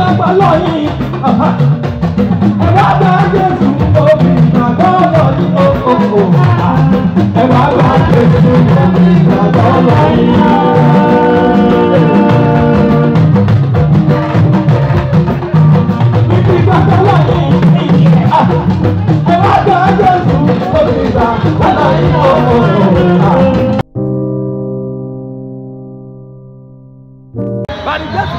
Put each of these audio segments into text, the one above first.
gbàgbà lọ́yìn ẹ wá gba Jésù omi gbàgbọ́ lọ́yìn òkòkò ẹ wá gba Jésù omi gbàgbọ́ lọ́yìn. Gbàgbọ́ lọ́yìn ẹ wá gba Jésù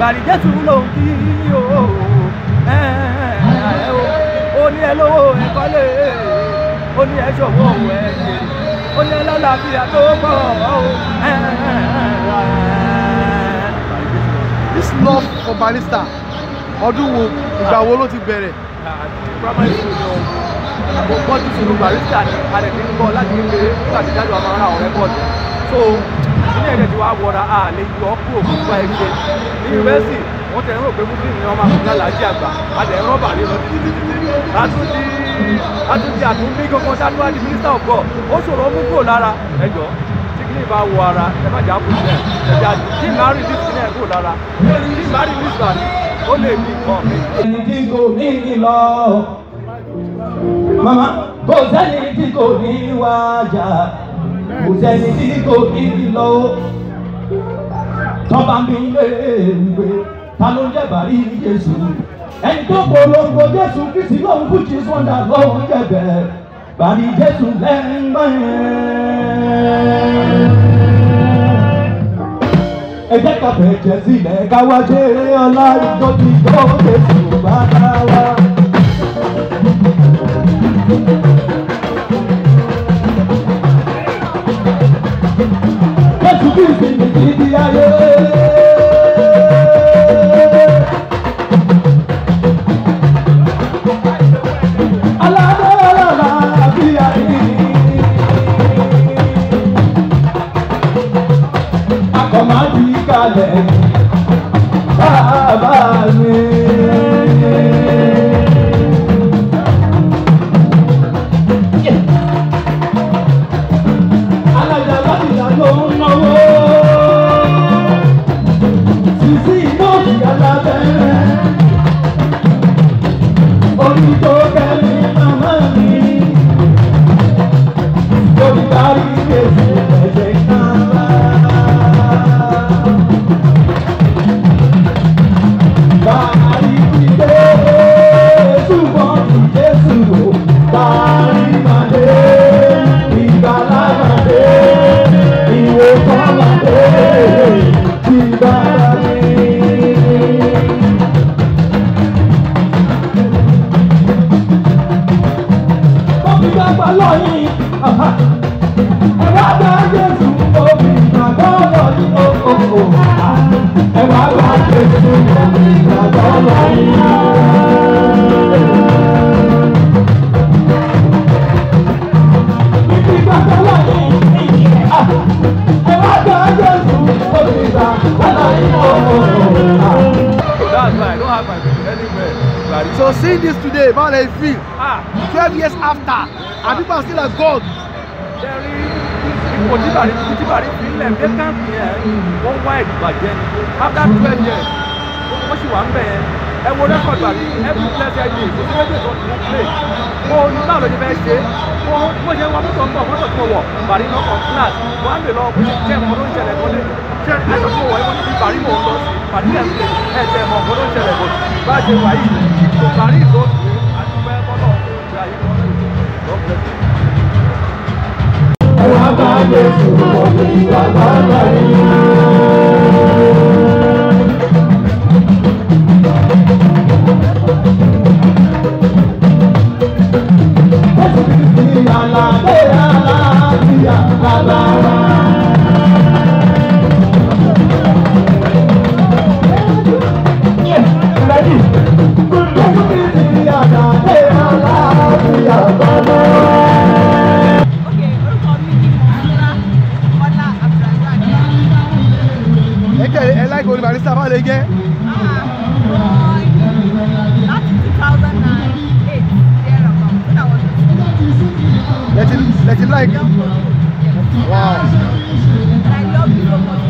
gàrí jésù ló ń kí o ó ní ẹ lówó ẹ̀kọ́lé ó ní ẹ ṣòwò ẹ̀ ó ní ẹ lálàáfíà tó pọ̀ o. this love for Barista, ọdún wo ìgbà wo ló ti bẹ̀rẹ̀. primary school náà mo gbọ́dọ̀ sọ̀rọ̀ barrister ni a lè fi ń bọ̀ láti kékeré nígbà tí dájú àmọ́ ara ọ̀rẹ́ bọ̀ so ilé ẹ̀jẹ̀ ti wá wọra a yọ kúrò gbogbo ẹgbẹ́ ní yunifásitì wọ́n tẹ̀ ń rò pé muslim ni wọ́n máa kọjá làájì àgbà a lè rán bàrí lọ látúndí látúndí àtúndí gbogbo sátúwá di minister of ó ṣòro ó mú kúrò lára ẹjọ́ tí kìíní bá wọ ara ẹ má jà á kú sílẹ̀ mama kò sẹ́ni tí kò ní wájà kò sẹ́ni tí kò kí ni lọ o tọ́ba mi lé ìwé ta ló ń jẹ̀bà rí Jésù ẹni tó polongo Jésù Kristi lòun kú jí sọ́ndà lọ́wọ́ jẹ̀bẹ̀ bàrí Jésù lẹ́ńgbọ́n ẹjẹ kàfẹ́ jẹ sílẹ̀ káwá ṣeré ọlá ìjọ ti gbọ́ òde bá dá wa. Todo, todo So seeing this today, man, I feel ah. 12 years after, ah. and people are still at God. Ìpòjìbàrí They can't. vacant yẹn wọ́n But ìdìbàjẹ́ after twelve years wọ́n sì wà ń bẹ̀ ẹ wo rẹ́kọ̀dù àti every blessed day kò méjì tó ti mú play mo ní báwo ló ṣe fẹ́ ṣe mo mo ṣe wọ mọ́tò ń bọ̀ mọ́tò tí mo wọ̀ bàrí náà kan class wọ́n á lè lọ bó ṣe jẹ́ ọmọ ló ń ṣẹlẹ̀ kan lé ṣé ẹ̀sọ́ tí mo wọ̀ ẹ́ mo ti fi bàrí mò ń lọ sí bàrí ẹ̀ ẹ̀ tẹ̀ mọ̀ ọmọ ló ń ṣẹlẹ̀ kan bá ṣe wà yìí láì gbóni barista bá lè jẹ́. láti two thousand and eight there about when I was in school. lẹ́tí lẹ́tí láì. wow. and I love you so much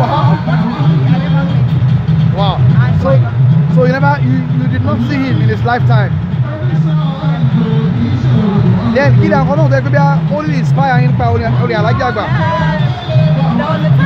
wow. wow. so so you never you you did not see him in his lifetime. then kí ni àkọ́nà òtẹ́ pé bí a ó lè inspire yín pa orin alájà àgbà. there was a time.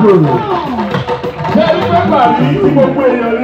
gbòòrò. ṣé ẹni pẹ́pà rí tí gbogbo èèyàn